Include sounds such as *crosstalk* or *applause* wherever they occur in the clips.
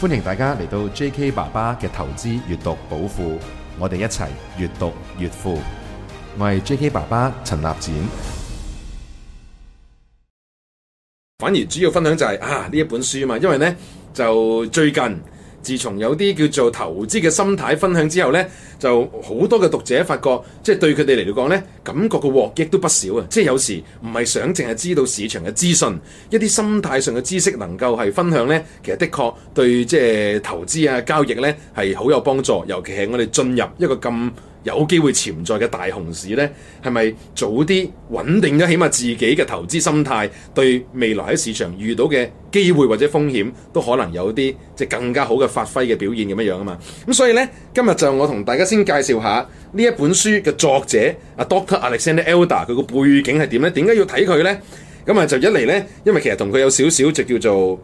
歡迎大家嚟到 J.K. 爸爸嘅投資閱讀寶庫，我哋一齊越讀越富。我係 J.K. 爸爸陳立展，反而主要分享就係啊呢本書嘛，因為呢就最近。自從有啲叫做投資嘅心態分享之後呢，就好多嘅讀者發覺，即係對佢哋嚟到講呢，感覺嘅獲益都不少啊！即係有時唔係想淨係知道市場嘅資訊，一啲心態上嘅知識能夠係分享呢，其實的確對即係投資啊交易呢係好有幫助，尤其係我哋進入一個咁。有機會潛在嘅大熊市呢，係咪早啲穩定咗？起碼自己嘅投資心態對未來喺市場遇到嘅機會或者風險，都可能有啲即係更加好嘅發揮嘅表現咁樣樣啊嘛！咁所以呢，今日就我同大家先介紹下呢一本書嘅作者阿 Doctor Alexander Elder 佢個背景係點呢？點解要睇佢呢？咁啊就一嚟呢，因為其實同佢有少少就叫做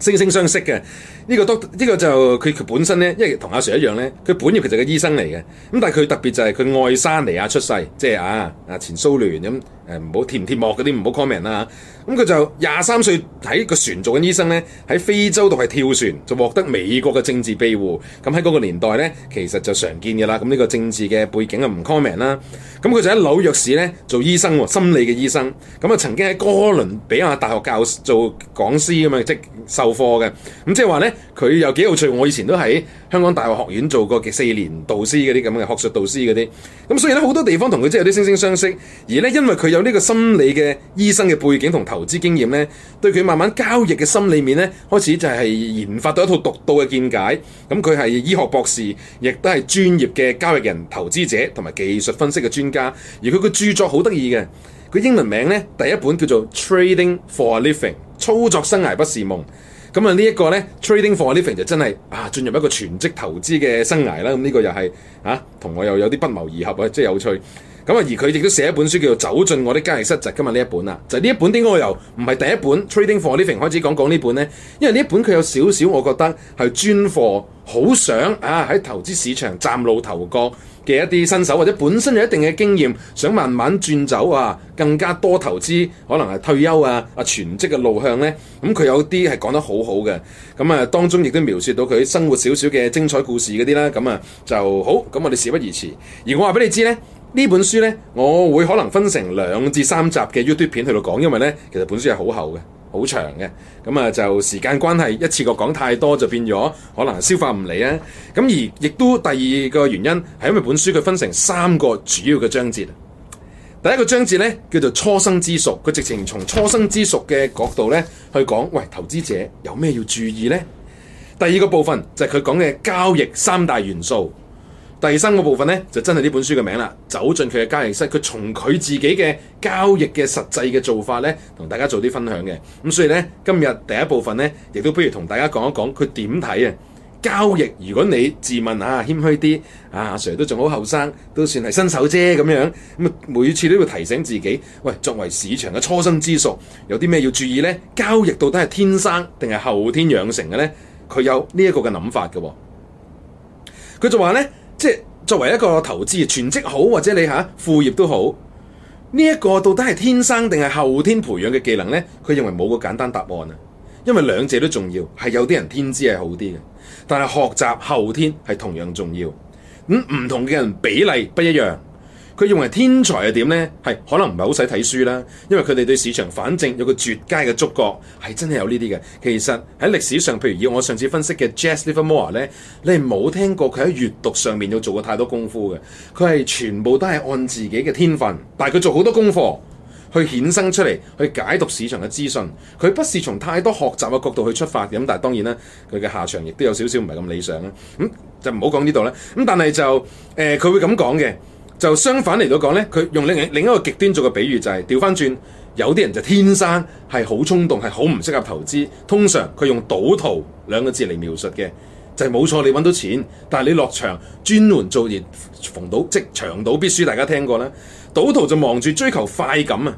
惺惺相惜嘅。呢、這個都呢、這個就佢佢本身咧，因為同阿 Sir 一樣咧，佢本業其實係個醫生嚟嘅。咁但係佢特別就係佢愛沙尼亞出世，即、就、係、是、啊啊前蘇聯咁誒，唔好貼唔貼幕嗰啲唔好 comment 啦。咁、嗯、佢就廿三歲喺個船做緊醫生咧，喺非洲度係跳船就獲得美國嘅政治庇護。咁喺嗰個年代咧，其實就常見嘅啦。咁、嗯、呢、這個政治嘅背景啊唔 comment 啦。咁、嗯、佢就喺紐約市咧做醫生喎、哦，心理嘅醫生。咁、嗯、啊曾經喺哥倫比亞大學教做講師咁啊，即係授課嘅。咁即係話咧。佢又幾有趣，我以前都喺香港大學學院做過嘅四年導師嗰啲咁嘅學術導師嗰啲，咁所以咧好多地方同佢即係有啲惺惺相惜。而咧因為佢有呢個心理嘅醫生嘅背景同投資經驗咧，對佢慢慢交易嘅心裏面咧，開始就係研發到一套獨到嘅見解。咁佢係醫學博士，亦都係專業嘅交易人、投資者同埋技術分析嘅專家。而佢嘅著作好得意嘅，佢英文名咧第一本叫做《Trading for a Living》，操作生涯不是夢。咁啊，呢一個呢 Trading for a Living 就真係啊，進入一個全職投資嘅生涯啦。咁、這、呢個又係啊，同我又有啲不謀而合啊，真係有趣。咁啊，而佢亦都寫一本書叫做《走進我的交易室》即。今日呢一本啦，就呢、是、一本點解我由唔係第一本 Trading for a Living 開始講講呢本呢，因為呢一本佢有少少，我覺得係專貨，好想啊喺投資市場嶄露頭角。嘅一啲新手或者本身有一定嘅經驗，想慢慢轉走啊，更加多投資可能係退休啊、啊全職嘅路向呢。咁、啊、佢有啲係講得好好嘅，咁啊當中亦都描述到佢生活少少嘅精彩故事嗰啲啦，咁啊就好，咁、啊、我哋事不宜遲，而我話俾你知呢，呢本書呢，我會可能分成兩至三集嘅 YouTube 片去到講，因為呢，其實本書係好厚嘅。好長嘅，咁啊就時間關係，一次過講太多就變咗可能消化唔嚟咧。咁而亦都第二個原因係因為本書佢分成三個主要嘅章節。第一個章節呢，叫做初生之熟，佢直情從初生之熟嘅角度呢，去講，喂投資者有咩要注意呢？第二個部分就係佢講嘅交易三大元素。第三個部分咧，就真係呢本書嘅名啦。走進佢嘅交易室，佢從佢自己嘅交易嘅實際嘅做法咧，同大家做啲分享嘅。咁所以呢，今日第一部分呢，亦都不如同大家講一講佢點睇啊交易。如果你自問啊謙虛啲啊，阿 Sir 都仲好後生，都算係新手啫咁樣。咁每次都要提醒自己，喂，作為市場嘅初生之犢，有啲咩要注意呢？交易到底係天生定係後天養成嘅呢？佢有呢一個嘅諗法㗎喎。佢就話呢。即係作為一個投資，全職好或者你嚇副業都好，呢、這、一個到底係天生定係後天培養嘅技能呢？佢認為冇個簡單答案啊，因為兩者都重要，係有啲人天資係好啲嘅，但係學習後天係同樣重要。咁、嗯、唔同嘅人比例不一樣。佢認為天才係點呢？係可能唔係好使睇書啦，因為佢哋對市場反正有個絕佳嘅觸覺，係真係有呢啲嘅。其實喺歷史上，譬如以我上次分析嘅 Jesse Livermore 咧，你係冇聽過佢喺閱讀上面要做過太多功夫嘅。佢係全部都係按自己嘅天分，但係佢做好多功課去衍生出嚟，去解讀市場嘅資訊。佢不是從太多學習嘅角度去出發嘅。咁但係當然啦，佢嘅下場亦都有少少唔係咁理想啦。咁、嗯、就唔好講呢度啦。咁但係就誒，佢、呃、會咁講嘅。就相反嚟到講咧，佢用另另一個極端做個比喻，就係，就係調返轉，有啲人就天生係好衝動，係好唔適合投資。通常佢用賭徒兩個字嚟描述嘅，就係、係、冇錯，你揾到錢，但係你落場專門做業逢賭，即係長賭必輸，大家聽過啦。賭徒就忙住追求快感啊！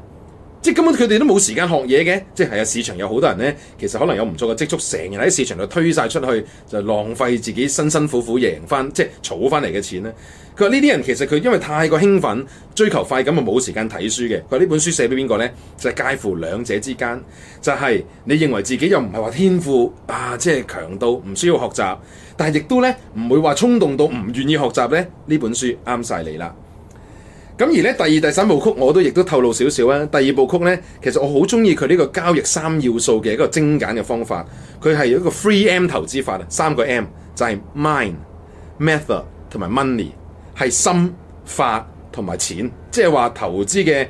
即根本佢哋都冇時間學嘢嘅，即係係啊市場有好多人呢，其實可能有唔錯嘅積蓄，成日喺市場度推晒出去，就浪費自己辛辛苦苦贏翻即係儲翻嚟嘅錢咧。佢話呢啲人其實佢因為太過興奮，追求快感，冇時間睇書嘅。佢話呢本書寫俾邊個呢？就係、介乎兩者之間，就係、係、你認為自己又唔係話天賦啊，即係強到唔需要學習，但係亦都呢，唔會話衝動到唔願意學習咧。呢本書啱晒你啦。咁而咧第二第三部曲我都亦都透露少少啦。第二部曲呢，其實我好中意佢呢個交易三要素嘅一個精簡嘅方法，佢係一個 three M 投資法啊，三個 M 就係 mind、method 同埋 money，係心法同埋錢，即係話投資嘅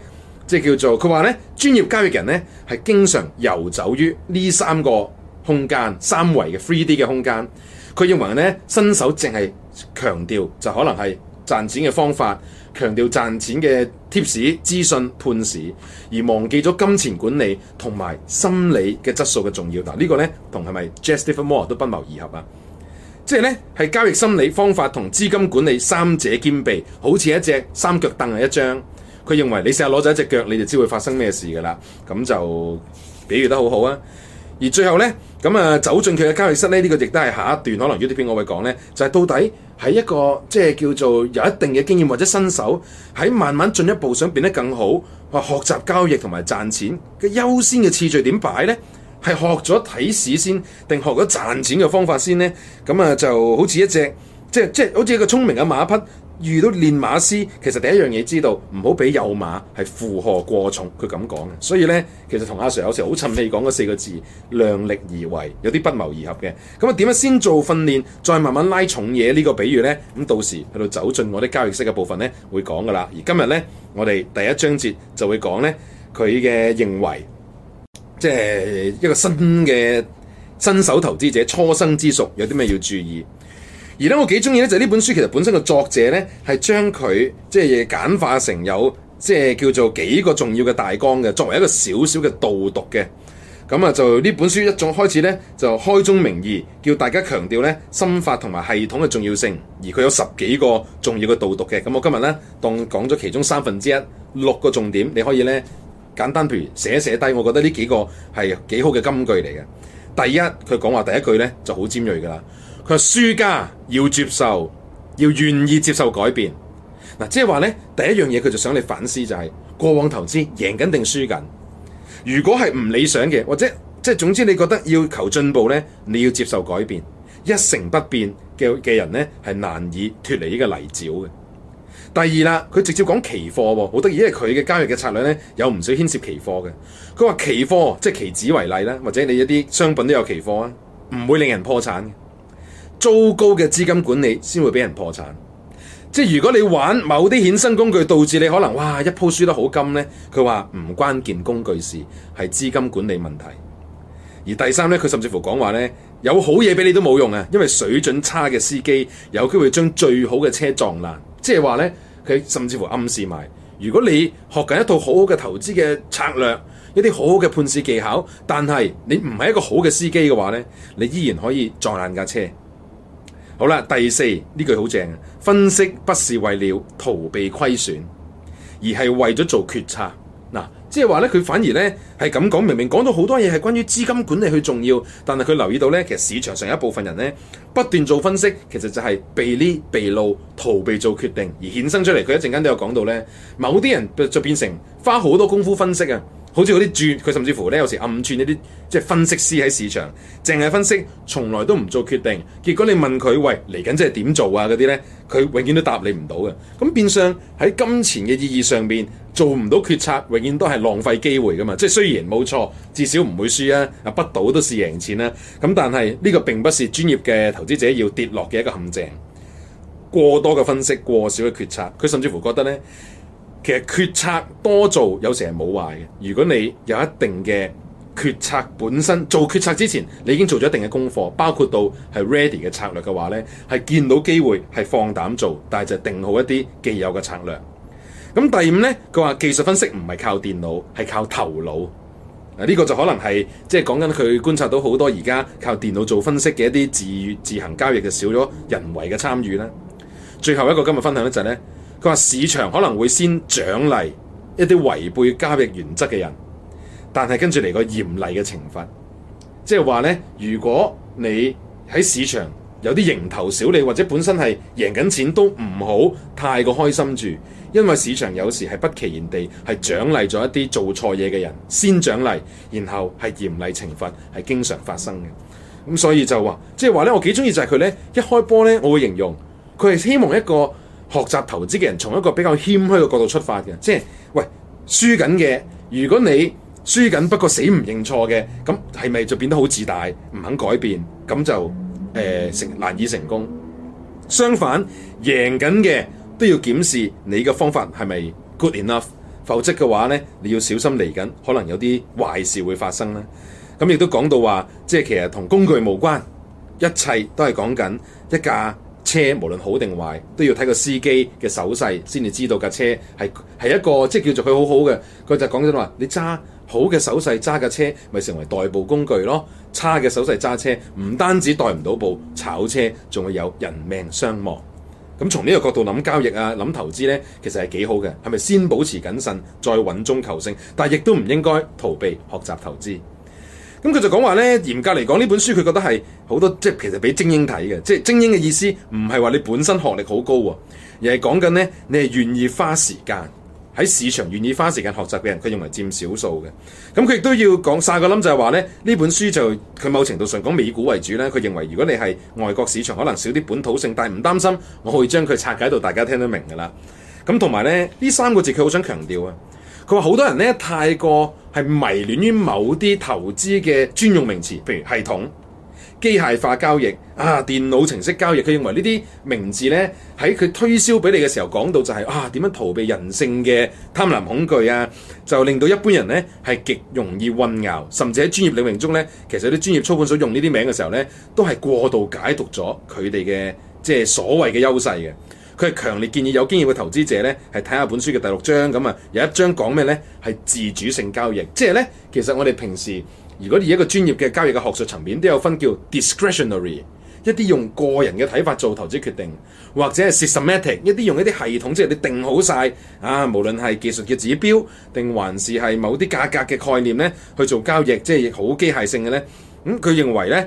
即係叫做佢話呢，專業交易人呢係經常遊走於呢三個空間，三維嘅 three D 嘅空間，佢認為呢，新手淨係強調就可能係，賺錢嘅方法，強調賺錢嘅貼士、資訊、判市，而忘記咗金錢管理同埋心理嘅質素嘅重要。嗱，呢個呢，同係咪 Jesse Livermore 都不謀而合啊？即係呢，係交易心理方法同資金管理三者兼備，好似一隻三腳凳係一張，佢認為你成日攞咗一隻腳，你就知會發生咩事噶啦。咁就比喻得好好啊。而最後呢，咁啊，走進佢嘅交易室呢，呢、這個亦都係下一段可能 YouTube 篇我會講呢，就係、是、到底。喺一個即係、就是、叫做有一定嘅經驗或者新手，喺慢慢進一步想變得更好，話學習交易同埋賺錢嘅優先嘅次序點擺呢？係學咗睇市先，定學咗賺錢嘅方法先呢？咁啊就好似一隻即係即係好似一個聰明嘅馬匹。遇到練馬師，其實第一樣嘢知道唔好俾幼馬係負荷過重，佢咁講嘅。所以呢，其實同阿 Sir 有時好沉氣講嗰四個字，量力而為，有啲不謀而合嘅。咁啊，點樣先做訓練，再慢慢拉重嘢，呢個比喻呢，咁到時喺度走進我啲交易室嘅部分呢，會講噶啦。而今日呢，我哋第一章節就會講呢，佢嘅認為，即係一個新嘅新手投資者初生之犢，有啲咩要注意？而咧，我幾中意咧，就係呢本書其實本身嘅作者咧，係將佢即係簡化成有即係叫做幾個重要嘅大綱嘅，作為一個少少嘅導讀嘅。咁啊，就呢本書一早開始咧，就開宗明義，叫大家強調咧心法同埋系統嘅重要性。而佢有十幾個重要嘅導讀嘅。咁我今日咧當講咗其中三分之一六個重點，你可以咧簡單譬如寫一寫低，我覺得呢幾個係幾好嘅金句嚟嘅。第一，佢講話第一句咧就好尖鋭噶啦。佢話輸家要接受，要願意接受改變。嗱、啊，即係話咧，第一樣嘢佢就想你反思就係、是、過往投資贏緊定輸緊。如果係唔理想嘅，或者即係總之你覺得要求進步咧，你要接受改變。一成不變嘅嘅人咧，係難以脫離呢個泥沼嘅。第二啦，佢直接講期貨喎、哦，好得意，因為佢嘅交易嘅策略咧有唔少牽涉期貨嘅。佢話期貨即係期指為例啦，或者你一啲商品都有期貨啊，唔會令人破產。糟糕嘅資金管理先會俾人破產，即係如果你玩某啲衍生工具，導致你可能哇一鋪輸得好金呢，佢話唔關件工具事，係資金管理問題。而第三呢，佢甚至乎講話呢：「有好嘢俾你都冇用啊，因為水準差嘅司機有機會將最好嘅車撞爛。即係話呢，佢甚至乎暗示埋，如果你學緊一套好好嘅投資嘅策略，一啲好好嘅判市技巧，但係你唔係一個好嘅司機嘅話呢，你依然可以撞爛架車。好啦，第四呢句好正，分析不是為了逃避虧損，而係為咗做決策。嗱、呃，即係話咧，佢反而咧係咁講，明明講到好多嘢係關於資金管理去重要，但係佢留意到咧，其實市場上一部分人咧不斷做分析，其實就係避利避路、逃避做決定而衍生出嚟。佢一陣間都有講到咧，某啲人就就變成花好多功夫分析啊。好似嗰啲轉，佢甚至乎咧，有時暗寸一啲即係分析師喺市場，淨係分析，從來都唔做決定。結果你問佢喂，嚟緊即係點做啊？嗰啲呢，佢永遠都答你唔到嘅。咁變相喺金錢嘅意義上面，做唔到決策，永遠都係浪費機會噶嘛。即係雖然冇錯，至少唔會輸啊。啊，不賭都是贏錢啦、啊。咁但係呢、這個並不是專業嘅投資者要跌落嘅一個陷阱。過多嘅分析，過少嘅決策，佢甚至乎覺得呢。其實決策多做有時係冇壞嘅。如果你有一定嘅決策本身，做決策之前你已經做咗一定嘅功課，包括到係 ready 嘅策略嘅話呢，係見到機會係放膽做，但係就定好一啲既有嘅策略。咁第五呢，佢話技術分析唔係靠電腦，係靠頭腦。啊，呢個就可能係即係講緊佢觀察到好多而家靠電腦做分析嘅一啲自自行交易嘅少咗人為嘅參與啦。最後一個今日分享呢就係呢。佢話市場可能會先獎勵一啲違背交易原則嘅人，但係跟住嚟個嚴厲嘅懲罰，即係話呢，如果你喺市場有啲蠅頭小利，或者本身係贏緊錢，都唔好太過開心住，因為市場有時係不其然地係獎勵咗一啲做錯嘢嘅人，先獎勵，然後係嚴厲懲罰，係經常發生嘅。咁、嗯、所以就話，即係話呢，我幾中意就係佢呢：「一開波呢，我會形容佢係希望一個。學習投資嘅人從一個比較謙虛嘅角度出發嘅，即係喂，輸緊嘅。如果你輸緊不過死唔認錯嘅，咁係咪就變得好自大，唔肯改變，咁就誒、呃、成難以成功。相反贏緊嘅都要檢視你嘅方法係咪 good enough，否則嘅話呢，你要小心嚟緊可能有啲壞事會發生啦。咁亦都講到話，即係其實同工具無關，一切都係講緊一架車無論好定壞，都要睇個司機嘅手勢先至知道架車係係一個即係叫做佢好好嘅。佢就講真話，你揸好嘅手勢揸架車，咪成為代步工具咯。差嘅手勢揸車，唔單止代唔到步，炒車仲會有人命傷亡。咁從呢個角度諗交易啊，諗投資呢，其實係幾好嘅。係咪先保持謹慎，再穩中求勝？但亦都唔應該逃避學習投資。咁佢就講話咧，嚴格嚟講呢本書佢覺得係好多即係其實俾精英睇嘅，即係精英嘅意思唔係話你本身學歷好高喎，而係講緊咧你係願意花時間喺市場，願意花時間學習嘅人，佢認為佔少數嘅。咁佢亦都要講晒個諗就係話咧，呢本書就佢某程度上講美股為主咧，佢認為如果你係外國市場可能少啲本土性，但係唔擔心，我可以將佢拆解到大家聽得明㗎啦。咁同埋咧，呢三個字佢好想強調啊。佢話好多人咧太過係迷戀於某啲投資嘅專用名詞，譬如系統、機械化交易啊、電腦程式交易。佢認為呢啲名字咧喺佢推銷俾你嘅時候講到就係啊，點樣逃避人性嘅貪婪恐懼啊，就令到一般人咧係極容易混淆，甚至喺專業領域中咧，其實啲專業操盤所用呢啲名嘅時候咧，都係過度解讀咗佢哋嘅即係所謂嘅優勢嘅。佢係強烈建議有經驗嘅投資者呢，係睇下本書嘅第六章咁啊，有一章講咩呢？係自主性交易，即係呢，其實我哋平時如果以一個專業嘅交易嘅學術層面，都有分叫 discretionary，一啲用個人嘅睇法做投資決定，或者係 systematic，一啲用一啲系統，即係你定好晒，啊，無論係技術嘅指標，定還是係某啲價格嘅概念呢，去做交易，即係好機械性嘅呢。咁，嗯，佢認為呢。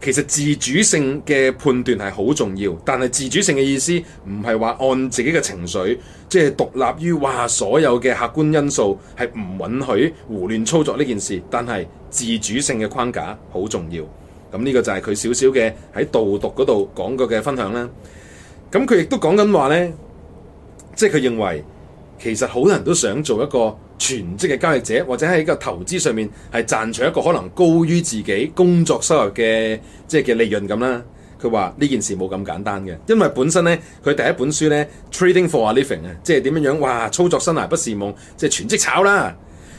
其實自主性嘅判斷係好重要，但係自主性嘅意思唔係話按自己嘅情緒，即係獨立於話所有嘅客觀因素係唔允許胡亂操作呢件事。但係自主性嘅框架好重要。咁呢個就係佢少少嘅喺導讀嗰度講過嘅分享啦。咁佢亦都講緊話呢，即係佢認為其實好多人都想做一個全職嘅交易者或者喺個投資上面係賺取一個可能高於自己工作收入嘅即係嘅利潤咁啦。佢話呢件事冇咁簡單嘅，因為本身呢，佢第一本書呢 Trading for a Living 啊，即係點樣樣哇操作生涯不是夢，即係全職炒啦。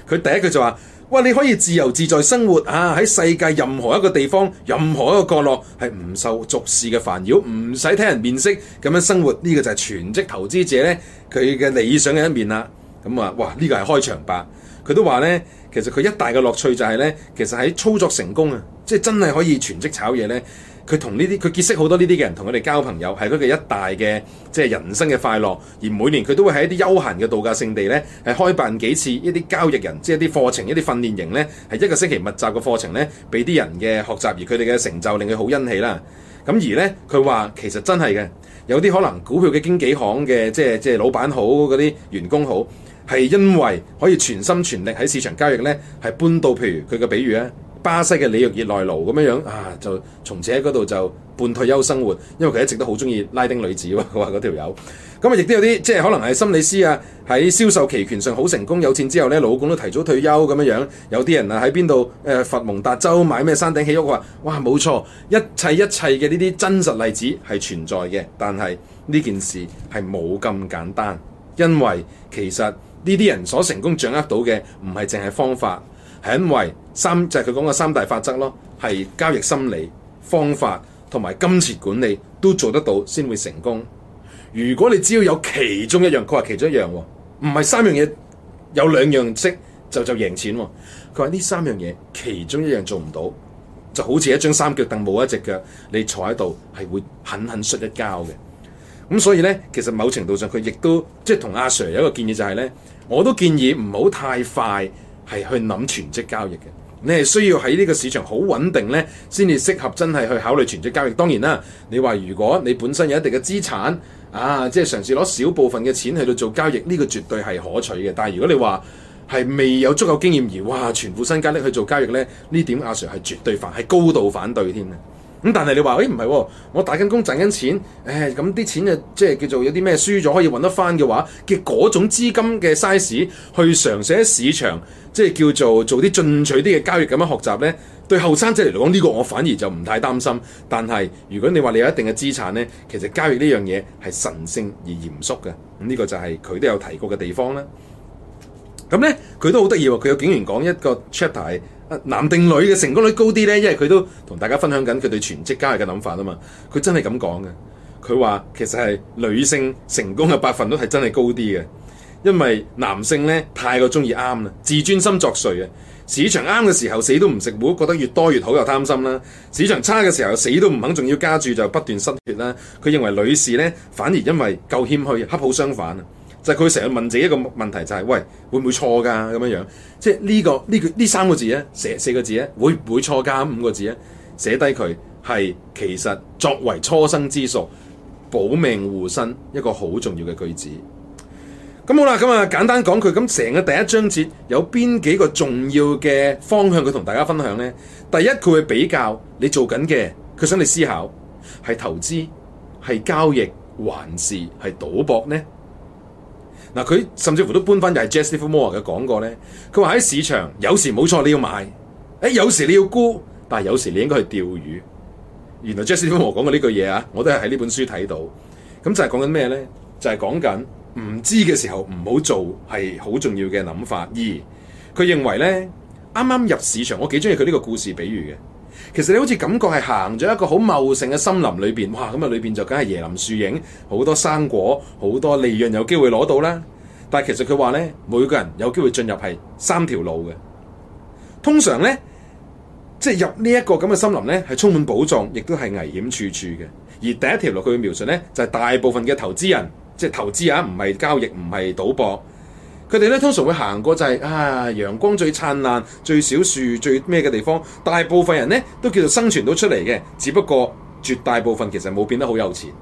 佢第一句就話：哇，你可以自由自在生活啊！喺世界任何一個地方、任何一個角落係唔受俗事嘅煩擾，唔使聽人面色。」咁樣生活。呢個就係全職投資者呢，佢嘅理想嘅一面啦。咁啊，哇！呢個係開場白。佢都話呢，其實佢一大嘅樂趣就係呢，其實喺操作成功啊，即係真係可以全職炒嘢呢。佢同呢啲佢結識好多呢啲嘅人，同佢哋交朋友係佢嘅一大嘅即係人生嘅快樂。而每年佢都會喺一啲休閒嘅度假勝地呢，係開辦幾次一啲交易人即係一啲課程、一啲訓練營呢，係一個星期密集嘅課程呢，俾啲人嘅學習，而佢哋嘅成就令佢好欣喜啦。咁而呢，佢話其實真係嘅，有啲可能股票嘅經紀行嘅即係即係老闆好嗰啲員工好。係因為可以全心全力喺市場交易呢，係搬到譬如佢嘅比喻咧，巴西嘅里約熱內盧咁樣樣啊，就從此喺嗰度就半退休生活，因為佢一直都好中意拉丁女子，佢話嗰條友。咁啊，亦都有啲即係可能係心理師啊，喺銷售期權上好成功有錢之後呢，老公都提早退休咁樣樣。有啲人啊喺邊度誒，佛蒙達州買咩山頂起屋話，哇，冇錯，一切一切嘅呢啲真實例子係存在嘅，但係呢件事係冇咁簡單，因為其實。呢啲人所成功掌握到嘅，唔係淨係方法，係因為三就係佢講嘅三大法則咯，係交易心理、方法同埋金錢管理都做得到先會成功。如果你只要有其中一樣，佢話其中一樣喎，唔係三樣嘢有兩樣識就就贏錢喎。佢話呢三樣嘢其中一樣做唔到，就好似一張三腳凳冇一隻腳，你坐喺度係會狠狠摔一跤嘅。咁所以呢，其實某程度上佢亦都即係同阿 Sir 有一個建議，就係呢：我都建議唔好太快係去諗全職交易嘅。你係需要喺呢個市場好穩定呢，先至適合真係去考慮全職交易。當然啦，你話如果你本身有一定嘅資產，啊，即係嘗試攞少部分嘅錢去到做交易，呢個絕對係可取嘅。但係如果你話係未有足夠經驗而哇全副身家搦去做交易呢，呢點阿 Sir 係絕對反，係高度反對添嘅。咁但係你話，誒唔係喎，我打緊工賺緊錢，誒咁啲錢就即係叫做有啲咩輸咗可以揾得翻嘅話，嘅嗰種資金嘅 size 去嘗試喺市場即係叫做做啲進取啲嘅交易咁樣學習呢，對後生仔嚟講呢個我反而就唔太擔心。但係如果你話你有一定嘅資產呢，其實交易呢樣嘢係神聖而嚴肅嘅，呢個就係佢都有提過嘅地方啦。咁呢，佢都好得意喎。佢有警員講一個 chapter、啊、男定女嘅成功率高啲呢？因為佢都同大家分享緊佢對全職家嘅諗法啊嘛。佢真係咁講嘅。佢話其實係女性成功嘅百分率係真係高啲嘅，因為男性呢太過中意啱啦，自尊心作祟啊。市場啱嘅時候死都唔食糊，覺得越多越好又貪心啦。市場差嘅時候死都唔肯，仲要加注就不斷失血啦。佢認為女士呢反而因為夠謙虛，恰好相反啊。但佢成日問自己一個問題，就係：喂，會唔會錯噶咁樣樣？即係呢個呢句呢三個字咧，寫四個字咧，會唔會錯噶？五個字咧，寫低佢係其實作為初生之數，保命護身一個好重要嘅句子。咁好啦，咁啊簡單講佢咁成個第一章節有邊幾個重要嘅方向佢同大家分享呢？第一，佢會比較你做緊嘅，佢想你思考係投資、係交易，還是係賭博呢？嗱，佢、啊、甚至乎都搬翻就係 Jesse Livermore 嘅講過咧，佢話喺市場有時冇錯你要買，誒有時你要沽，但係有時你應該去釣魚。原來 Jesse Livermore 講過呢句嘢啊，我都係喺呢本書睇到。咁就係講緊咩咧？就係講緊唔知嘅時候唔好做係好重要嘅諗法。二，佢認為咧，啱啱入市場，我幾中意佢呢個故事比喻嘅。其實你好似感覺係行咗一個好茂盛嘅森林裏邊，哇！咁啊裏邊就梗係椰林樹影，好多生果，好多利潤有機會攞到啦。但係其實佢話呢，每個人有機會進入係三條路嘅。通常呢，即係入呢一個咁嘅森林呢，係充滿寶藏，亦都係危險處處嘅。而第一條路佢描述呢，就係大部分嘅投資人，即係投資啊，唔係交易，唔係賭博。佢哋通常會行過就係、是、啊陽光最燦爛、最少樹、最咩嘅地方，大部分人呢都叫做生存到出嚟嘅，只不過絕大部分其實冇變得好有錢。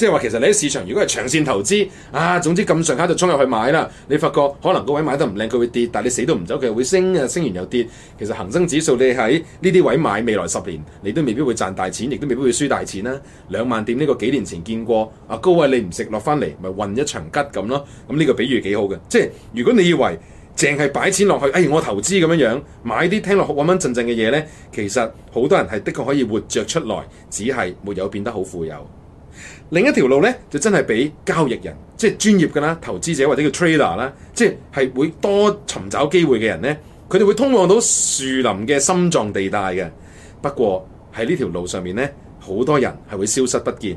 即係話，其實你喺市場，如果係長線投資，啊，總之咁上下就衝入去買啦。你發覺可能嗰位買得唔靚，佢會跌，但係你死都唔走，佢又會升嘅，升完又跌。其實恒生指數，你喺呢啲位買，未來十年你都未必會賺大錢，亦都未必會輸大錢啦。兩萬點呢個幾年前見過，啊高位你唔食落翻嚟，咪混一場吉咁咯。咁、這、呢個比喻幾好嘅。即、就、係、是、如果你以為淨係擺錢落去，哎，我投資咁樣樣買啲聽落穩穩陣陣嘅嘢呢，其實好多人係的確可以活着出來，只係沒有變得好富有。另一條路咧，就真係俾交易人，即係專業嘅啦，投資者或者叫 trader 啦，即係係會多尋找機會嘅人咧，佢哋會通往到樹林嘅心臟地帶嘅。不過喺呢條路上面咧，好多人係會消失不見，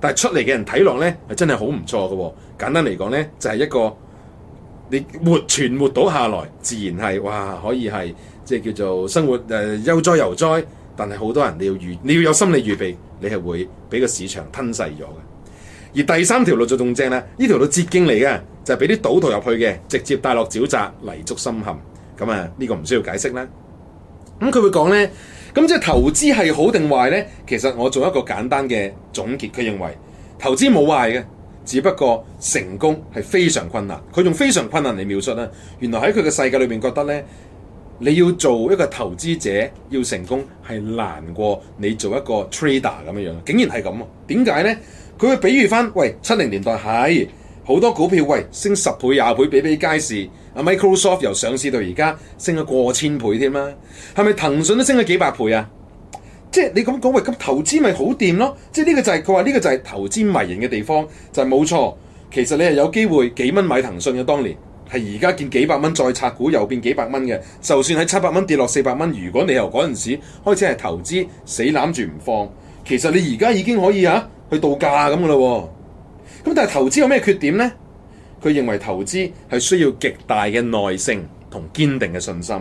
但係出嚟嘅人睇落咧係真係好唔錯嘅、啊。簡單嚟講咧，就係、是、一個你活存活到下來，自然係哇可以係即係叫做生活誒、呃、悠哉悠哉，但係好多人你要預你要有心理預備。你係會俾個市場吞噬咗嘅，而第三條路就仲正咧，呢條路捷徑嚟嘅，就係俾啲賭徒入去嘅，直接帶落沼澤、泥足深陷，咁啊呢、呢個唔需要解釋啦。咁、嗯、佢會講呢，咁即係投資係好定壞呢？其實我做一個簡單嘅總結，佢認為投資冇壞嘅，只不過成功係非常困難。佢用非常困難嚟描述咧，原來喺佢嘅世界裏面覺得呢。你要做一個投資者要成功係難過你做一個 trader 咁樣樣，竟然係咁啊？點解呢？佢會比喻翻，喂，七零年代係好多股票，喂，升十倍廿倍比比皆是。Microsoft 由上市到而家升咗過千倍添啦，係咪騰訊都升咗幾百倍啊？即係你咁講，喂，咁投資咪好掂咯？即係呢個就係佢話呢個就係投資迷人嘅地方，就係冇錯，其實你係有機會幾蚊買騰訊嘅當年。係而家見幾百蚊再拆股又變幾百蚊嘅，就算喺七百蚊跌落四百蚊，如果你由嗰陣時開始係投資，死攬住唔放，其實你而家已經可以嚇、啊、去度假咁嘅啦。咁、啊、但係投資有咩缺點呢？佢認為投資係需要極大嘅耐性同堅定嘅信心，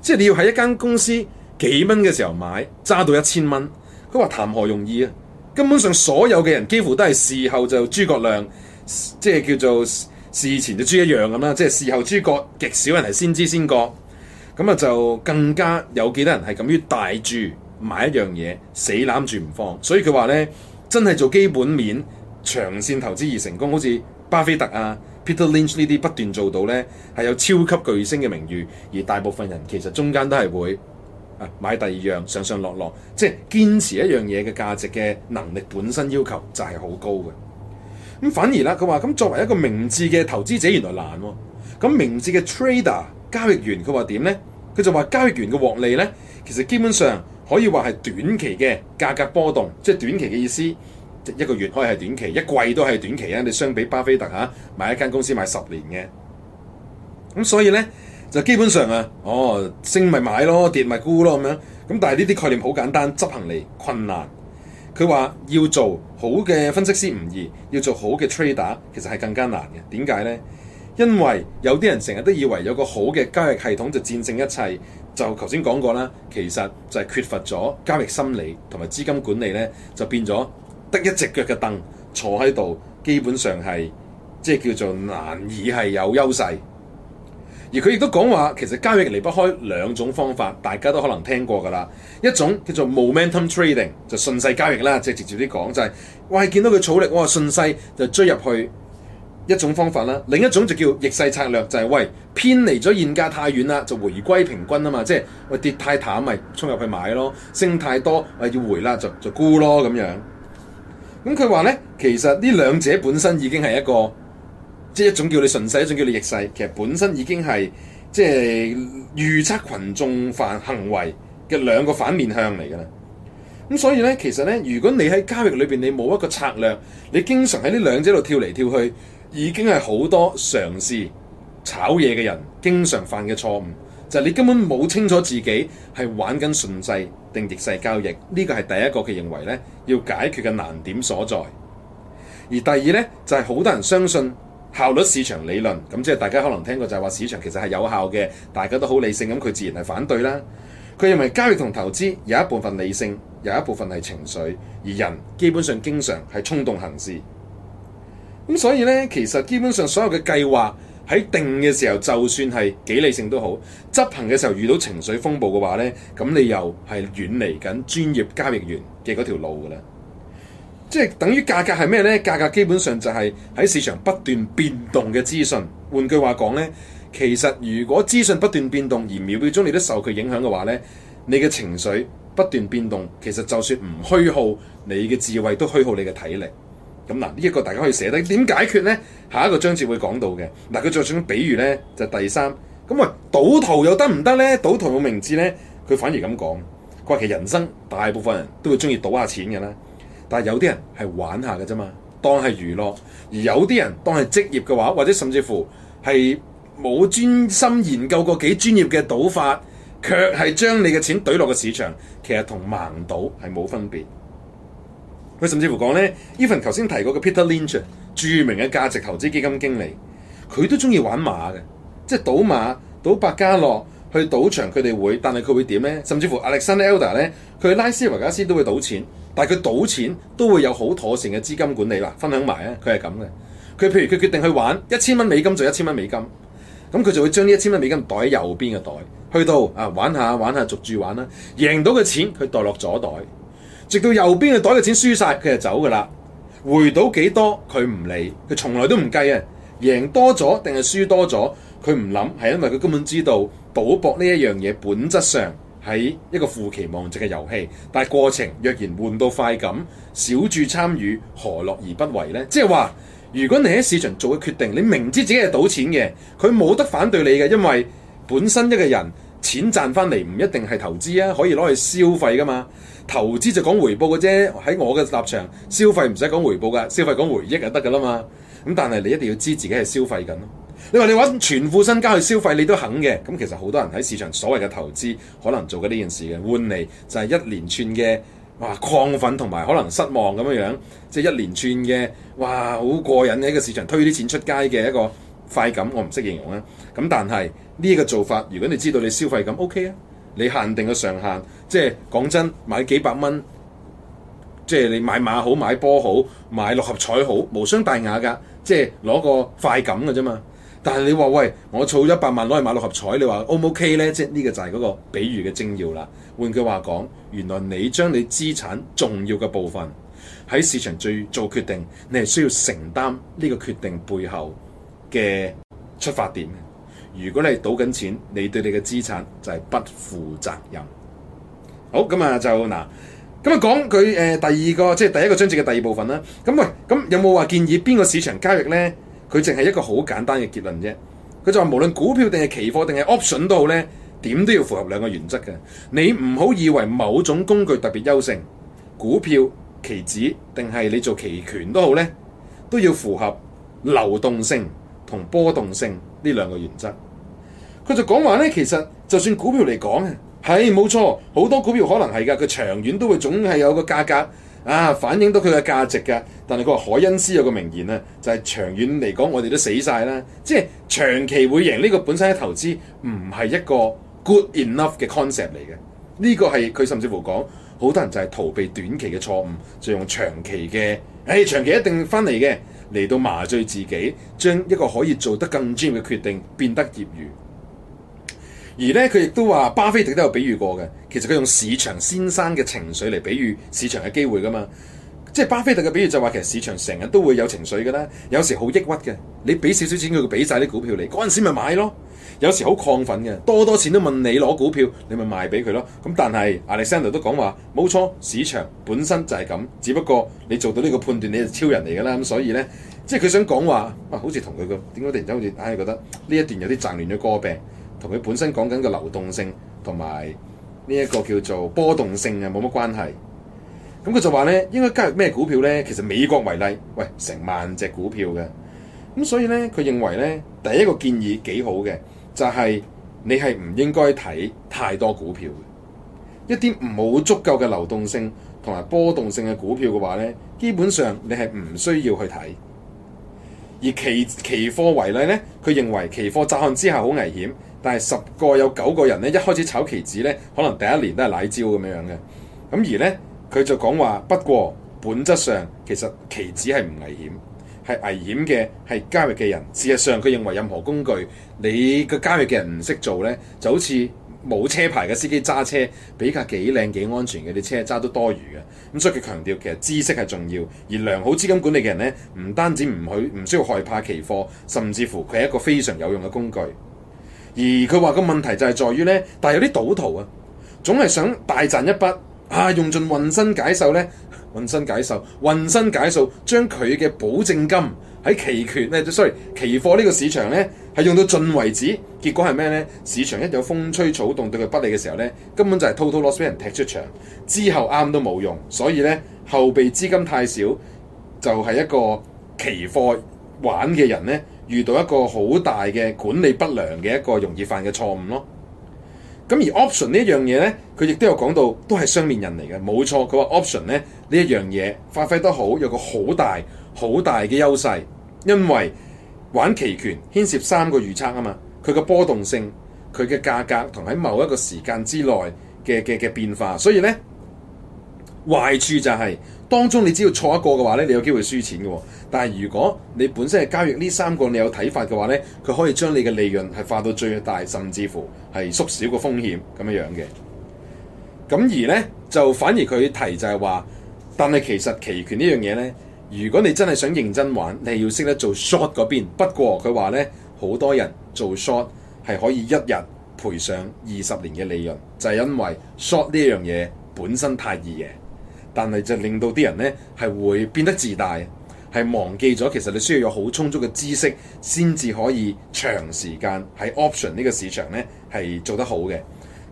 即係你要喺一間公司幾蚊嘅時候買，揸到一千蚊，佢話談何容易啊！根本上所有嘅人幾乎都係事後就諸葛亮，即係叫做。事前就豬一樣咁啦，即係事後諸葛，極少人係先知先覺，咁啊就更加有幾多人係敢於大注，買一樣嘢，死攬住唔放。所以佢話呢，真係做基本面長線投資而成功，好似巴菲特啊、Peter Lynch 呢啲不斷做到呢，係有超級巨星嘅名譽。而大部分人其實中間都係會啊買第二樣上上落落，即係堅持一樣嘢嘅價值嘅能力本身要求就係好高嘅。咁反而啦，佢話咁作為一個明智嘅投資者，原來難喎、啊。咁明智嘅 trader 交易員，佢話點呢？佢就話交易員嘅獲利呢，其實基本上可以話係短期嘅價格波動，即係短期嘅意思，即一個月可以係短期，一季都係短期啊！你相比巴菲特吓買一間公司買十年嘅，咁所以呢，就基本上啊，哦升咪買咯，跌咪沽咯咁樣。咁但係呢啲概念好簡單，執行嚟困難。佢話要做好嘅分析師唔易，要做好嘅 trader 其實係更加難嘅。點解呢？因為有啲人成日都以為有個好嘅交易系統就戰勝一切。就頭先講過啦，其實就係缺乏咗交易心理同埋資金管理呢，就變咗得一隻腳嘅凳坐喺度，基本上係，即係叫做難以係有優勢。而佢亦都講話，其實交易離不開兩種方法，大家都可能聽過㗎啦。一種叫做 Momentum Trading，就順勢交易啦，直接啲講，就係、是、喂，係見到佢儲力，我順勢就追入去一種方法啦。另一種就叫逆勢策略，就係、是、喂偏離咗現價太遠啦，就回歸平均啊嘛，即係跌太淡咪衝入去買咯，升太多咪、哎、要回啦，就就沽咯咁樣。咁佢話呢，其實呢兩者本身已經係一個。即一種叫你順勢，一種叫你逆勢。其實本身已經係即係預測群眾犯行為嘅兩個反面向嚟嘅啦。咁所以咧，其實咧，如果你喺交易裏邊你冇一個策略，你經常喺呢兩者度跳嚟跳去，已經係好多嘗試炒嘢嘅人經常犯嘅錯誤，就係你根本冇清楚自己係玩緊順勢定逆勢交易。呢個係第一個佢認為咧，要解決嘅難點所在。而第二咧，就係好多人相信。效率市場理論咁即係大家可能聽過，就係話市場其實係有效嘅，大家都好理性，咁佢自然係反對啦。佢認為交易同投資有一部分理性，有一部分係情緒，而人基本上經常係衝動行事。咁所以呢，其實基本上所有嘅計劃喺定嘅時候，就算係幾理性都好，執行嘅時候遇到情緒風暴嘅話呢，咁你又係遠離緊專業交易員嘅嗰條路㗎喇。即係等於價格係咩呢？價格基本上就係喺市場不斷變動嘅資訊。換句話講呢，其實如果資訊不斷變動，而秒表中你都受佢影響嘅話呢，你嘅情緒不斷變動，其實就算唔虛耗你嘅智慧，都虛耗你嘅體力。咁嗱，呢一個大家可以寫低點解決呢？下一個章節會講到嘅嗱，佢再上比喻呢，就第三。咁喂，賭徒又得唔得呢？賭徒冇名字呢，佢反而咁講，話其實人生大部分人都會中意賭下錢嘅啦。但係有啲人係玩下嘅啫嘛，當係娛樂；而有啲人當係職業嘅話，或者甚至乎係冇專心研究過幾專業嘅賭法，卻係將你嘅錢懟落個市場，其實同盲賭係冇分別。佢甚至乎講呢，even 頭先提過嘅 Peter Lynch，著名嘅價值投資基金經理，佢都中意玩馬嘅，即係賭馬、賭百家樂、去賭場，佢哋會，但係佢會點呢？甚至乎亞歷山大 Elder 呢，佢拉斯維加斯都會賭錢。但係佢賭錢都會有好妥善嘅資金管理啦，分享埋咧，佢係咁嘅。佢譬如佢決定去玩一千蚊美金，就一千蚊美金。咁佢就會將呢一千蚊美金袋喺右邊嘅袋，去到啊玩下玩下，逐住玩啦。贏到嘅錢佢袋落左袋，直到右邊嘅袋嘅錢輸晒，佢就走噶啦。回到幾多佢唔理，佢從來都唔計啊。贏多咗定係輸多咗，佢唔諗，係因為佢根本知道賭博呢一樣嘢本質上，喺一個負期望值嘅遊戲，但係過程若然換到快感，少注參與，何樂而不為呢？即係話，如果你喺市場做嘅決定，你明知自己係賭錢嘅，佢冇得反對你嘅，因為本身一個人錢賺翻嚟唔一定係投資啊，可以攞去消費噶嘛。投資就講回報嘅啫。喺我嘅立場，消費唔使講回報噶，消費講回憶就得噶啦嘛。咁但係你一定要知自己係消費緊咯。你話你揾全副身家去消費，你都肯嘅。咁其實好多人喺市場所謂嘅投資，可能做緊呢件事嘅換嚟就係一連串嘅哇亢奮同埋可能失望咁樣樣，即係一連串嘅哇好過癮喺個市場推啲錢出街嘅一個快感，我唔識形容啦、啊。咁但係呢個做法，如果你知道你消費咁 OK 啊，你限定嘅上限，即係講真買幾百蚊，即係你買馬好買波好買六合彩好，無傷大雅噶，即係攞個快感噶啫嘛。但係你話喂，我儲一百萬攞去買六合彩，你話 O 唔 OK 呢，即係呢、呢個就係嗰個比喻嘅精要啦。換句話講，原來你將你資產重要嘅部分喺市場最做決定，你係需要承擔呢個決定背後嘅出發點。如果你係賭緊錢，你對你嘅資產就係不負責任。好，咁啊就嗱，咁啊講佢誒、呃、第二個，即係第一個章節嘅第二部分啦。咁喂，咁有冇話建議邊個市場交易呢？佢淨係一個好簡單嘅結論啫。佢就話，無論股票定係期貨定係 option 都好呢，點都要符合兩個原則嘅。你唔好以為某種工具特別優勝，股票、期指定係你做期權都好呢，都要符合流動性同波動性呢兩個原則。佢就講話，呢其實就算股票嚟講啊，係冇錯，好多股票可能係㗎，佢長遠都會總係有個價格。啊，反映到佢嘅價值嘅，但係佢話凱恩斯有個名言啊，就係、是、長遠嚟講，我哋都死晒啦，即係長期會贏呢個本身嘅投資唔係一個 good enough 嘅 concept 嚟嘅，呢、這個係佢甚至乎講好多人就係逃避短期嘅錯誤，就用長期嘅，唉、哎，長期一定翻嚟嘅嚟到麻醉自己，將一個可以做得更專業嘅決定變得業餘。而咧佢亦都話巴菲特都有比喻過嘅，其實佢用市場先生嘅情緒嚟比喻市場嘅機會噶嘛，即係巴菲特嘅比喻就話其實市場成日都會有情緒噶啦，有時好抑鬱嘅，你俾少少錢佢，佢俾晒啲股票你，嗰陣時咪買咯；有時好亢奮嘅，多多錢都問你攞股票，你咪賣俾佢咯。咁但係 Alexander 都講話冇錯，市場本身就係咁，只不過你做到呢個判斷你就超人嚟噶啦。咁、嗯、所以呢，即係佢想講話，哇，好似同佢個點解突然之間好似唉、哎、覺得呢一段有啲雜亂咗過病。同佢本身講緊嘅流動性同埋呢一個叫做波動性啊冇乜關係，咁佢就話咧應該加入咩股票咧？其實美國為例，喂成萬隻股票嘅，咁所以咧佢認為咧第一個建議幾好嘅，就係你係唔應該睇太多股票嘅，一啲冇足夠嘅流動性同埋波動性嘅股票嘅話咧，基本上你係唔需要去睇。而期期貨為例咧，佢認為期貨乍看之下好危險。但係十個有九個人咧，一開始炒期指，咧，可能第一年都係奶焦咁樣樣嘅。咁而呢，佢就講話，不過本質上其實期指係唔危險，係危險嘅係交易嘅人。事實上，佢認為任何工具，你個交易嘅人唔識做呢，就好似冇車牌嘅司機揸車，俾架幾靚幾安全嘅啲車揸都多餘嘅。咁所以佢強調，其實知識係重要，而良好資金管理嘅人呢，唔單止唔去，唔需要害怕期貨，甚至乎佢係一個非常有用嘅工具。而佢話個問題就係在於呢，但係有啲賭徒啊，總係想大賺一筆啊，用盡渾身解數呢，渾身解數，渾身解數，將佢嘅保證金喺期權呢，即係所謂期貨呢個市場呢係用到盡為止。結果係咩呢？市場一有風吹草動對佢不利嘅時候呢，根本就係 total loss 俾人踢出場，之後啱都冇用。所以呢，後備資金太少就係、是、一個期貨玩嘅人呢。遇到一個好大嘅管理不良嘅一個容易犯嘅錯誤咯。咁而 option 呢一樣嘢呢，佢亦都有講到，都係雙面人嚟嘅，冇錯。佢話 option 呢呢一樣嘢發揮得好，有個好大好大嘅優勢，因為玩期權牽涉三個預測啊嘛，佢嘅波動性、佢嘅價格同喺某一個時間之內嘅嘅嘅變化，所以呢。壞處就係、是、當中你只要錯一個嘅話咧，你有機會輸錢嘅、哦。但係如果你本身係交易呢三個你有睇法嘅話咧，佢可以將你嘅利潤係化到最大，甚至乎係縮小個風險咁樣樣嘅。咁而呢，就反而佢提就係話，但係其實期權呢樣嘢呢，如果你真係想認真玩，你要識得做 short 嗰邊。不過佢話呢，好多人做 short 係可以一日賠上二十年嘅利潤，就係、是、因為 short 呢樣嘢本身太易嘅。但係就令到啲人呢係會變得自大，係忘記咗其實你需要有好充足嘅知識，先至可以長時間喺 option 呢個市場呢係做得好嘅。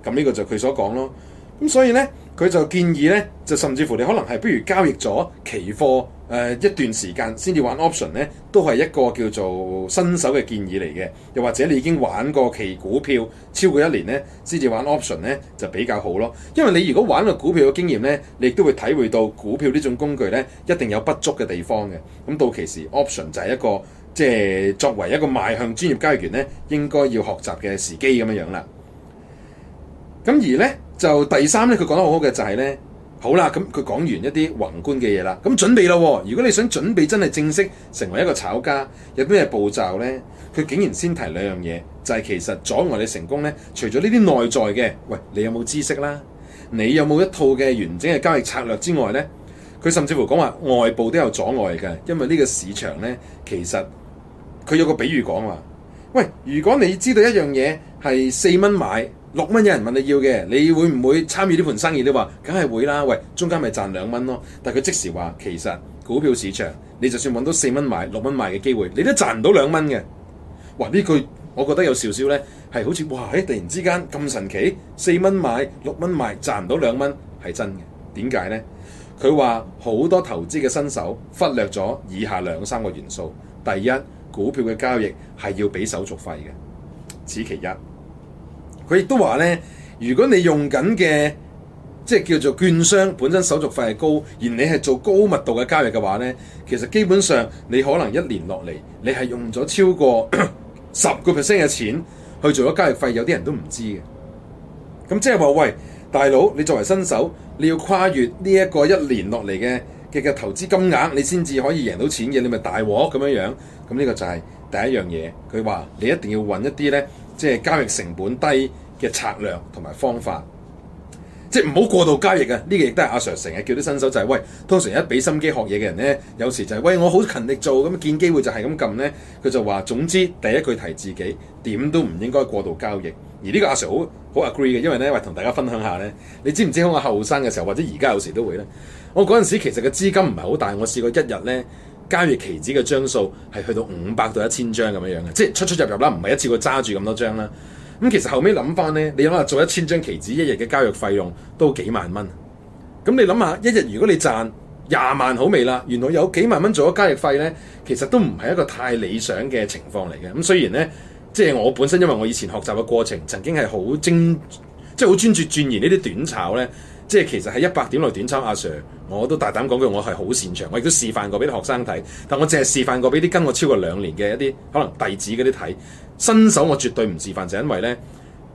咁呢個就佢所講咯。咁所以呢，佢就建議呢，就甚至乎你可能係不如交易咗期貨。誒、呃、一段時間先至玩 option 咧，都係一個叫做新手嘅建議嚟嘅。又或者你已經玩過期股票超過一年咧，先至玩 option 咧就比較好咯。因為你如果玩個股票嘅經驗咧，你亦都會體會到股票呢種工具咧一定有不足嘅地方嘅。咁到其時 option 就係一個即係作為一個邁向專業交易員咧，應該要學習嘅時機咁樣樣啦。咁而咧就第三咧，佢講得好好嘅就係咧。好啦，咁佢講完一啲宏觀嘅嘢啦，咁準備啦喎。如果你想準備真係正式成為一個炒家，有咩步驟呢？佢竟然先提兩樣嘢，就係其實阻礙你成功呢。除咗呢啲內在嘅，喂，你有冇知識啦？你有冇一套嘅完整嘅交易策略之外呢？佢甚至乎講話外部都有阻礙嘅，因為呢個市場呢，其實佢有個比喻講話，喂，如果你知道一樣嘢係四蚊買。六蚊有人問你要嘅，你會唔會參與呢盤生意？你話梗係會啦。喂，中間咪賺兩蚊咯。但係佢即時話，其實股票市場你就算揾到四蚊買六蚊賣嘅機會，你都賺唔到兩蚊嘅。哇！呢句我覺得有少少呢，係好似哇！喺突然之間咁神奇，四蚊買六蚊賣賺唔到兩蚊係真嘅。點解呢？佢話好多投資嘅新手忽略咗以下兩三個元素。第一，股票嘅交易係要俾手續費嘅，此其一。佢亦都話咧，如果你用緊嘅即係叫做券商本身手續費係高，而你係做高密度嘅交易嘅話咧，其實基本上你可能一年落嚟，你係用咗超過十個 percent 嘅錢去做咗交易費，有啲人都唔知嘅。咁即係話，喂，大佬，你作為新手，你要跨越呢一個一年落嚟嘅嘅嘅投資金額，你先至可以贏到錢嘅，你咪大鑊咁樣樣。咁呢個就係第一樣嘢。佢話你一定要揾一啲咧。即係交易成本低嘅策略同埋方法，即係唔好過度交易啊！呢個亦都係阿 Sir 成日叫啲新手就係喂，通常一俾心機學嘢嘅人呢，有時就係喂我好勤力做咁，見機會就係咁撳呢。佢就話，總之第一句提自己點都唔應該過度交易。而呢個阿 Sir 好好 agree 嘅，因為呢，話同大家分享下呢，你知唔知我後生嘅時候或者而家有時都會呢？我嗰陣時其實個資金唔係好大，我試過一日呢，交易期指嘅張數係去到五百到一千張咁樣樣嘅，即係出出入入啦，唔係一次過揸住咁多張啦。咁其實後尾諗翻呢，你諗下做一千張期指一日嘅交易費用都幾萬蚊。咁你諗下一日如果你賺廿萬好未啦，原來有幾萬蚊做咗交易費呢，其實都唔係一個太理想嘅情況嚟嘅。咁雖然呢，即係我本身因為我以前學習嘅過程，曾經係好精，即係好專注鑽研呢啲短炒呢。即係其實係一百點內短抄，阿 Sir，我都大膽講句，我係好擅長，我亦都示範過俾啲學生睇。但我淨係示範過俾啲跟我超過兩年嘅一啲可能弟子嗰啲睇，新手我絕對唔示範，就因為呢：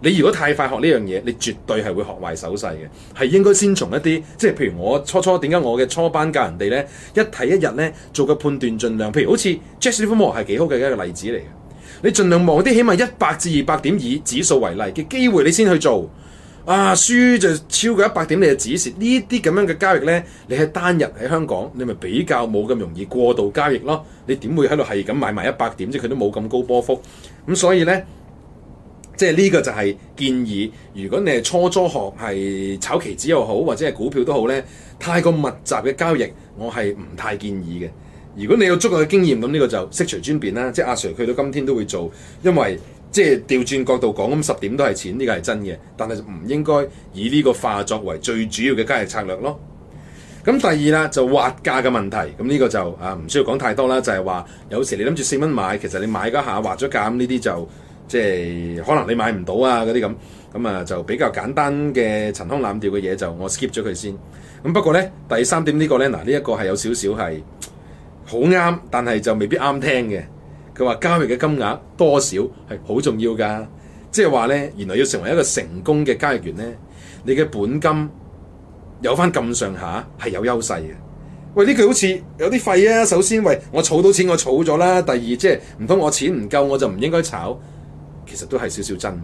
你如果太快學呢樣嘢，你絕對係會學壞手勢嘅，係應該先從一啲即係譬如我初初點解我嘅初班教人哋呢，一睇一日呢做嘅判斷，儘量譬如好似 Jesse 呢副模係幾好嘅一個例子嚟嘅，你儘量望啲起碼一百至二百點以指數為例嘅機會，你先去做。啊，輸就超過一百點你就止蝕，呢啲咁樣嘅交易呢，你係單日喺香港，你咪比較冇咁容易過度交易咯。你點會喺度係咁買埋一百點，即佢都冇咁高波幅。咁所以呢，即係呢個就係建議。如果你係初初學，係炒期指又好，或者係股票都好呢，太過密集嘅交易，我係唔太建議嘅。如果你有足夠嘅經驗，咁呢個就悉隨尊便啦。即係阿 Sir 去到今天都會做，因為。即係調轉角度講，咁十點都係錢，呢個係真嘅。但係唔應該以呢個化作為最主要嘅交易策略咯。咁第二啦，就滑價嘅問題。咁呢個就啊唔需要講太多啦。就係、是、話，有時你諗住四蚊買，其實你買嗰下滑咗價，呢啲就即係可能你買唔到啊嗰啲咁。咁啊就比較簡單嘅陳腔濫調嘅嘢就我 skip 咗佢先。咁不過呢，第三點呢個呢，嗱、這個，呢一個係有少少係好啱，但係就未必啱聽嘅。佢話交易嘅金額多少係好重要㗎，即係話呢，原來要成為一個成功嘅交易員呢。你嘅本金有返咁上下係有優勢嘅。喂，呢句好似有啲廢啊！首先，喂，我儲到錢我儲咗啦，第二即係唔通我錢唔夠我就唔應該炒，其實都係少少真。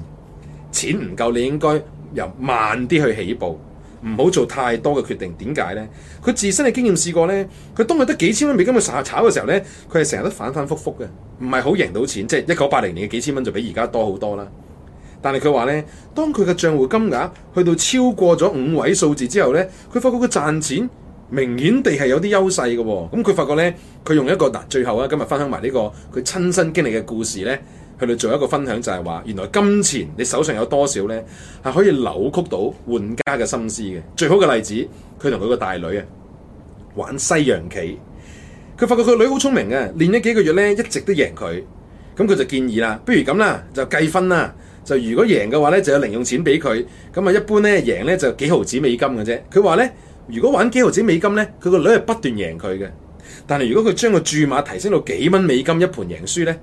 錢唔夠你應該由慢啲去起步。唔好做太多嘅決定，點解呢？佢自身嘅經驗試過呢，佢當佢得幾千蚊美金去炒炒嘅時候呢，佢係成日都反反覆覆嘅，唔係好贏到錢。即係一九八零年嘅幾千蚊就比而家多好多啦。但係佢話呢，當佢嘅賬戶金額去到超過咗五位數字之後呢，佢發覺佢賺錢明顯地係有啲優勢嘅。咁、嗯、佢發覺呢，佢用一個嗱，最後啊，今日分享埋呢個佢親身經歷嘅故事呢。佢哋做一個分享就係話，原來金錢你手上有多少呢，係可以扭曲到玩家嘅心思嘅。最好嘅例子，佢同佢個大女啊玩西洋棋，佢發覺佢女好聰明嘅，練咗幾個月呢，一直都贏佢。咁佢就建議啦，不如咁啦，就計分啦。就如果贏嘅話呢，就有零用錢俾佢。咁啊，一般呢，贏呢就幾毫子美金嘅啫。佢話呢，如果玩幾毫子美金呢，佢個女係不斷贏佢嘅。但係如果佢將個注碼提升到幾蚊美金一盤贏輸呢。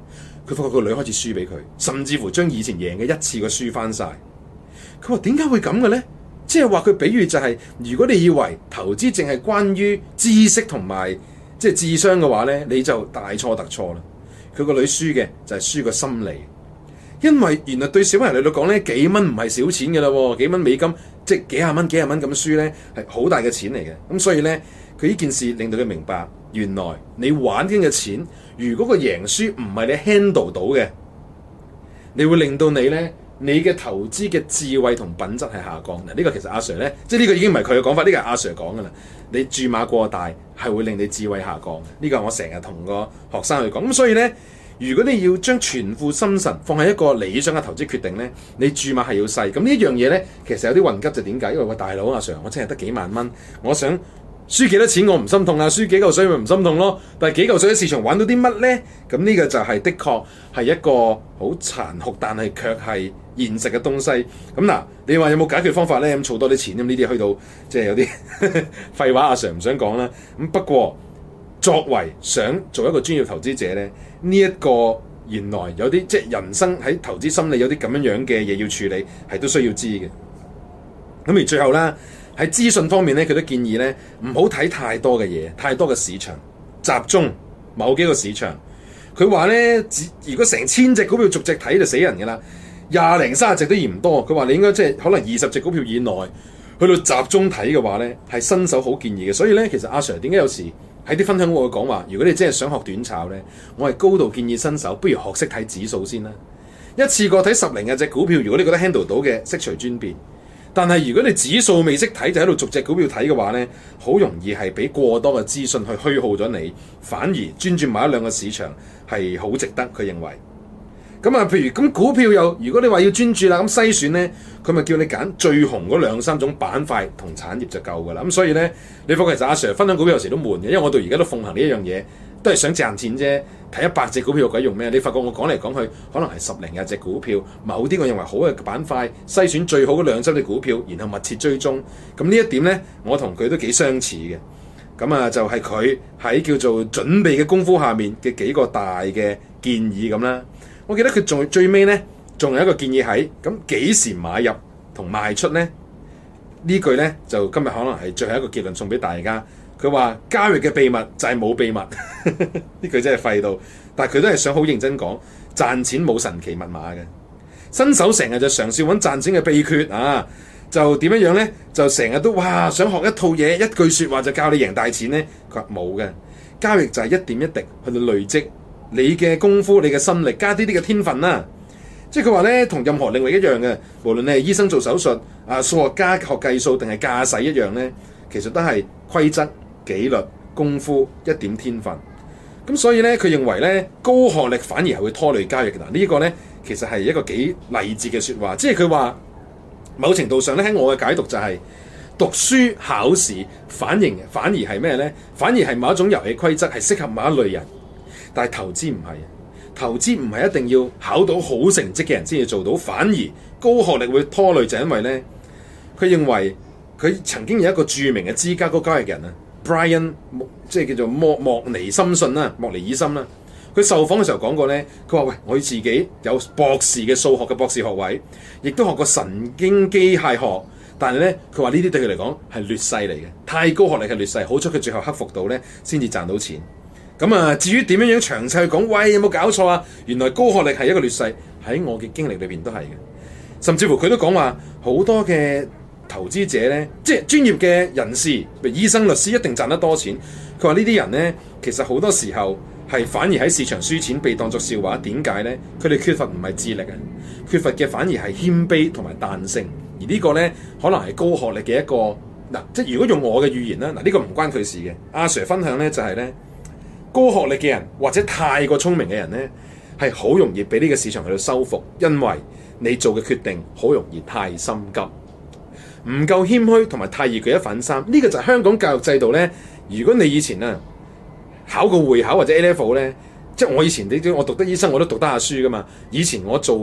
佢發覺個女開始輸俾佢，甚至乎將以前贏嘅一次過輸翻晒。佢話點解會咁嘅呢？即係話佢，比喻就係、是，如果你以為投資淨係關於知識同埋即係智商嘅話呢，你就大錯特錯啦。佢個女輸嘅就係輸個心理，因為原來對小朋友嚟到講呢，幾蚊唔係少錢噶啦，幾蚊美金即係幾廿蚊幾廿蚊咁輸呢，係好大嘅錢嚟嘅。咁所以呢，佢呢件事令到佢明白。原來你玩緊嘅錢，如果個贏輸唔係你 handle 到嘅，你會令到你呢，你嘅投資嘅智慧同品質係下降。嗱，呢個其實阿 Sir 呢，即係呢個已經唔係佢嘅講法，呢、這個係阿 Sir 講嘅啦。你注碼過大係會令你智慧下降。呢、這個係我成日同個學生去講。咁所以呢，如果你要將全副心神放喺一個理想嘅投資決定呢，你注碼係要細。咁呢一樣嘢呢，其實有啲混吉，就點解？因為喂大佬阿 Sir，我真係得幾萬蚊，我想。輸幾多錢我唔心痛呀，輸幾嚿水咪唔心痛咯。但係幾嚿水喺市場玩到啲乜呢？咁呢個就係的確係一個好殘酷，但係卻係現實嘅東西。咁嗱，你話有冇解決方法呢？咁儲多啲錢，咁呢啲去到即係、就是、有啲廢話，阿 Sir 唔想講啦。咁不過作為想做一個專業投資者呢，呢、這、一個原來有啲即係人生喺投資心理有啲咁樣樣嘅嘢要處理，係都需要知嘅。咁而最後啦。喺資訊方面咧，佢都建議咧唔好睇太多嘅嘢，太多嘅市場，集中某幾個市場。佢話咧，如果成千隻股票逐隻睇就死人噶啦，廿零三十隻都嫌唔多。佢話你應該即係可能二十隻股票以內，去到集中睇嘅話咧，係新手好建議嘅。所以咧，其實阿 Sir 點解有時喺啲分享會講話，如果你真係想學短炒咧，我係高度建議新手不如學識睇指數先啦。一次過睇十零廿隻股票，如果你覺得 handle 到嘅，識隨轉變。但係如果你指數未識睇就喺度逐隻股票睇嘅話呢，好容易係俾過多嘅資訊去虛耗咗你，反而專注某一兩個市場係好值得。佢認為咁啊，譬如咁股票又，如果你話要專注啦，咁篩選呢，佢咪叫你揀最紅嗰兩三種板塊同產業就夠噶啦。咁所以呢，你放其實阿、啊、Sir 分享股票有時都悶嘅，因為我到而家都奉行呢一樣嘢，都係想賺錢啫。睇一百隻股票有鬼用咩？你發覺我講嚟講去，可能係十零廿隻股票，某啲我認為好嘅板塊，篩選最好嘅兩週嘅股票，然後密切追蹤。咁呢一點呢，我同佢都幾相似嘅。咁啊，就係佢喺叫做準備嘅功夫下面嘅幾個大嘅建議咁啦。我記得佢仲最尾呢，仲有一個建議喺咁幾時買入同賣出呢？呢句呢，就今日可能係最後一個結論送俾大家。佢話交易嘅秘密就係冇秘密，呢 *laughs* 句真係廢到。但係佢都係想好認真講，賺錢冇神奇密碼嘅，新手成日就嘗試揾賺錢嘅秘訣啊，就點樣樣呢？就成日都哇想學一套嘢，一句説話就教你贏大錢呢？佢話冇嘅，交易就係一點一滴去到累積你嘅功夫、你嘅心力，加啲啲嘅天分啦、啊。即係佢話呢，同任何領域一,一樣嘅，無論你係醫生做手術啊、數學家學計數定係駕駛一樣呢，其實都係規則。紀律功夫一點天分，咁所以呢，佢認為呢，高學歷反而係會拖累交易嘅嗱，這個、呢一個咧，其實係一個幾勵志嘅說話，即係佢話某程度上咧，喺我嘅解讀就係、是、讀書考試反映反而係咩呢？反而係某一種遊戲規則係適合某一類人，但係投資唔係，投資唔係一定要考到好成績嘅人先至做到，反而高學歷會拖累，就是、因為呢，佢認為佢曾經有一個著名嘅芝加哥交易人啊。Brian 即係叫做莫莫尼森信啦，莫尼爾森啦。佢受訪嘅時候講過咧，佢話：喂，我自己有博士嘅數學嘅博士學位，亦都學過神經機械學，但係咧，佢話呢啲對佢嚟講係劣勢嚟嘅，太高學歷係劣勢。好彩佢最後克服到咧，先至賺到錢。咁啊，至於點樣樣詳細去講，喂，有冇搞錯啊？原來高學歷係一個劣勢，喺我嘅經歷裏邊都係嘅，甚至乎佢都講話好多嘅。投資者呢，即係專業嘅人士，譬如醫生、律師，一定賺得多錢。佢話呢啲人呢，其實好多時候係反而喺市場輸錢，被當作笑話。點解呢？佢哋缺乏唔係智力啊，缺乏嘅反而係謙卑同埋彈性。而呢個呢，可能係高學歷嘅一個嗱，即係如果用我嘅語言啦，嗱、這、呢個唔關佢事嘅。阿 Sir 分享呢，就係呢：高學歷嘅人或者太過聰明嘅人呢，係好容易俾呢個市場去到收復，因為你做嘅決定好容易太心急。唔夠謙虛同埋太易舉一反三，呢、這個就係香港教育制度呢，如果你以前啊考個會考或者 A level 呢，即係我以前你知，我讀得醫生我都讀得下書噶嘛。以前我做，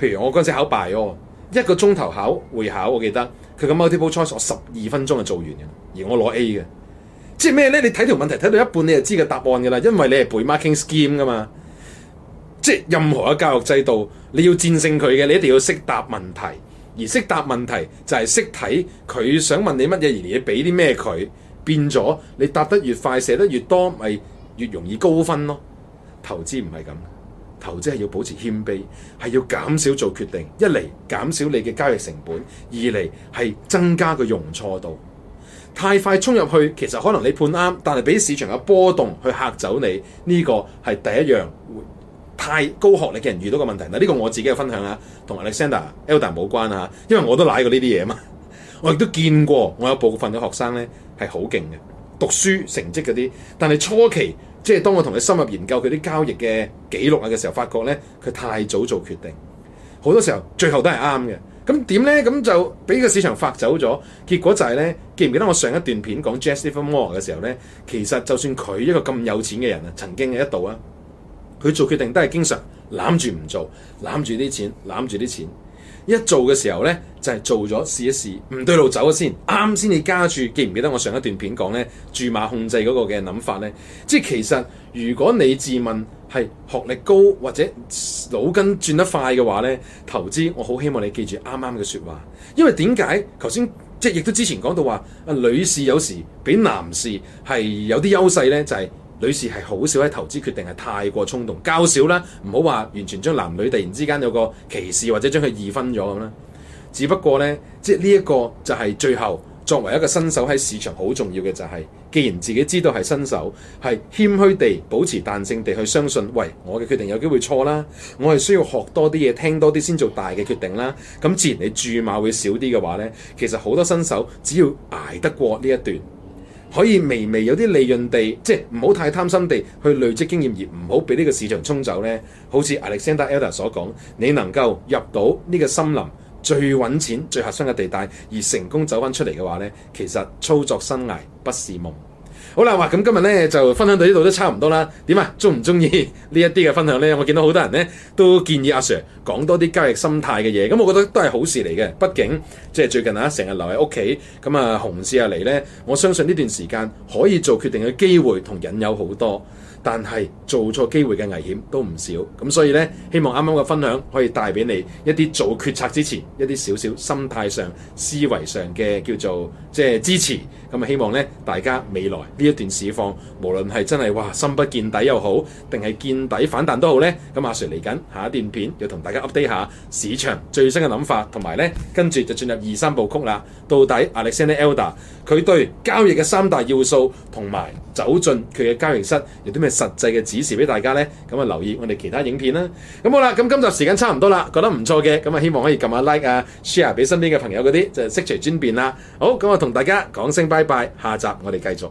譬如我嗰陣時考 bio，一個鐘頭考會考，我記得佢個 multiple choice 我十二分鐘就做完嘅，而我攞 A 嘅。即係咩呢？你睇條問題睇到一半你就知個答案噶啦，因為你係背 marking scheme 噶嘛。即係任何嘅教育制度，你要戰勝佢嘅，你一定要識答問題。而識答問題就係識睇佢想問你乜嘢，而你要俾啲咩佢。變咗你答得越快，寫得越多，咪越容易高分咯。投資唔係咁，投資係要保持謙卑，係要減少做決定，一嚟減少你嘅交易成本，二嚟係增加個容錯度。太快衝入去，其實可能你判啱，但係俾市場嘅波動去嚇走你。呢個係第一樣。太高學歷嘅人遇到個問題，嗱呢個我自己嘅分享啊，同 Alexander Elder 冇關啊，因為我都瀨過呢啲嘢啊嘛，我亦都見過，我有部分嘅學生咧係好勁嘅，讀書成績嗰啲，但係初期即係當我同佢深入研究佢啲交易嘅記錄啊嘅時候，發覺咧佢太早做決定，好多時候最後都係啱嘅，咁點咧咁就俾個市場發走咗，結果就係咧記唔記得我上一段片講 Jesseph Moore 嘅時候咧，其實就算佢一個咁有錢嘅人啊，曾經一度啊。佢做決定都係經常攬住唔做，攬住啲錢，攬住啲錢。一做嘅時候呢，就係、是、做咗試一試，唔對路走咗先。啱先你加住，記唔記得我上一段片講呢？注碼控制嗰個嘅諗法呢？即係其實如果你自問係學歷高或者腦筋轉得快嘅話呢，投資我好希望你記住啱啱嘅説話，因為點解頭先即係亦都之前講到話女士有時比男士係有啲優勢呢，就係。女士係好少喺投資決定係太過衝動，較少啦。唔好話完全將男女突然之間有個歧視，或者將佢二分咗咁啦。只不過呢，即係呢一個就係最後作為一個新手喺市場好重要嘅就係既然自己知道係新手，係謙虛地保持彈性地去相信，喂，我嘅決定有機會錯啦，我係需要學多啲嘢，聽多啲先做大嘅決定啦。咁自然你注碼會少啲嘅話呢，其實好多新手只要捱得過呢一段。可以微微有啲利潤地，即係唔好太貪心地去累積經驗，而唔好俾呢個市場衝走咧。好似 Alexander Elder 所講，你能夠入到呢個森林最揾錢最核心嘅地帶，而成功走返出嚟嘅話咧，其實操作生涯不是夢。好啦，話咁今日呢，就分享到呢度都差唔多啦。點啊？中唔中意呢一啲嘅分享呢？我見到好多人呢，都建議阿、啊、Sir 講多啲交易心態嘅嘢。咁、嗯、我覺得都係好事嚟嘅。畢竟即係最近吓成日留喺屋企，咁、嗯、啊熊市啊嚟呢，我相信呢段時間可以做決定嘅機會同引誘好多，但係做錯機會嘅危險都唔少。咁、嗯、所以呢，希望啱啱嘅分享可以帶俾你一啲做決策之前一啲少少心態上、思維上嘅叫做即係支持。咁啊，希望咧大家未來呢一段市況，無論係真係哇深不見底又好，定係見底反彈都好呢。咁阿 Sir 嚟緊下一段片，要同大家 update 下市場最新嘅諗法，同埋呢跟住就進入二三部曲啦。到底 Alexander Elder 佢對交易嘅三大要素，同埋走進佢嘅交易室有啲咩實際嘅指示俾大家呢？咁啊，留意我哋其他影片啦。咁好啦，咁今集時間差唔多啦，覺得唔錯嘅，咁啊希望可以撳下 like 啊 share 俾身邊嘅朋友嗰啲，就識財轉變啦。好，咁我同大家講聲拜。拜拜，下集我哋繼續。